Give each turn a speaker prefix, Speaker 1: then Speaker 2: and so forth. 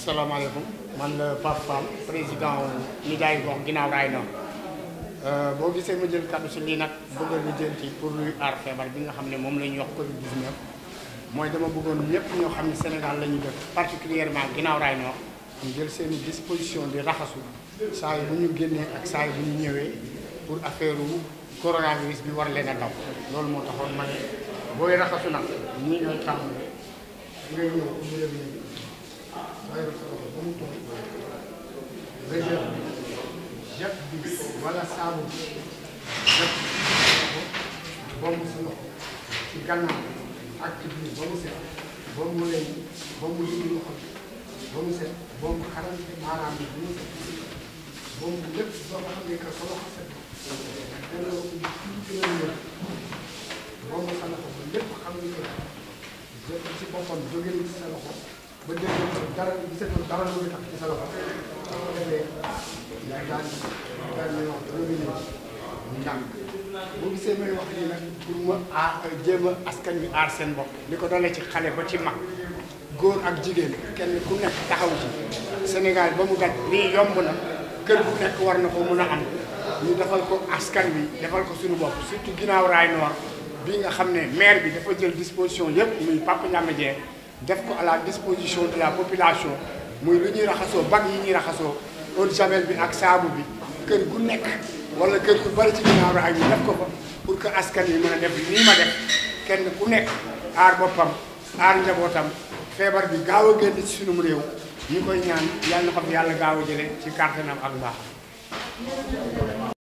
Speaker 1: salaamaaleykum man la Pape Fall président Nijaay gox ginnaaw raay noonu euh, boo gisee ma jël kaddu si lii nag bëgg a lijjanti pour luy aar feebar bi nga xam ne moom la ñuy wax Covid 19. mooy dama bëggoon ñëpp ñoo xam ne Sénégal la ñuy def particulièrement ginnaaw raay noonu ñu jël seen disposition di raxasu saa bu ñu génnee ak saa yi bu ñu ñëwee pour affaire coronavirus bi war leen a daw loolu moo taxoon ma ne booy raxasu nag ñii ñooy tàmm ngay Sayer Soro ba mu toog réserve jàpp bi wala saabu bi jàpp ba mu si loxo ci gannaaw ak ci biir ba mu set ba mu lay ba mu yëngu loxo bi ba mu set ba mu xaral maanaam bi ba mu set ba mu lépp soo ko xam ne que sa loxo set dana la ko gën a ñëw ba mu sa loxo ba lépp xam ne que ci boppam jóge na ci sa loxo. ba dégg dara gisatoo may wax nii nag pour ma aar jéem a askan wi aar seen bopp li ko dalee ci xale ba ci mag góor ak jigéen kenn ku nekk taxaw ci Sénégal ba mu daj lii yomb na kër bu nekk war na ko mun a am ñu defal ko askan wi defal ko suñu bopp surtout ginnaaw raay noor bi nga xam ne maire bi dafa jël disposition yëpp muy Papa Ndiame Dieng def ko à la disposition de la population muy lu ñuy raxasoo bag yi ñuy raxasoo eau de bi ak saabu bi kër gu nekk wala kër yu bari ci ginnaaw ak ñu def ko fa pour que askan yi mën a def nii ma def kenn ku nekk aar boppam aar njabootam feebar bi gaaw a génn ci sunum réew ñu koy ñaan yàlla na xam yàlla gaaw jële ci kàttanam ak mbaaxam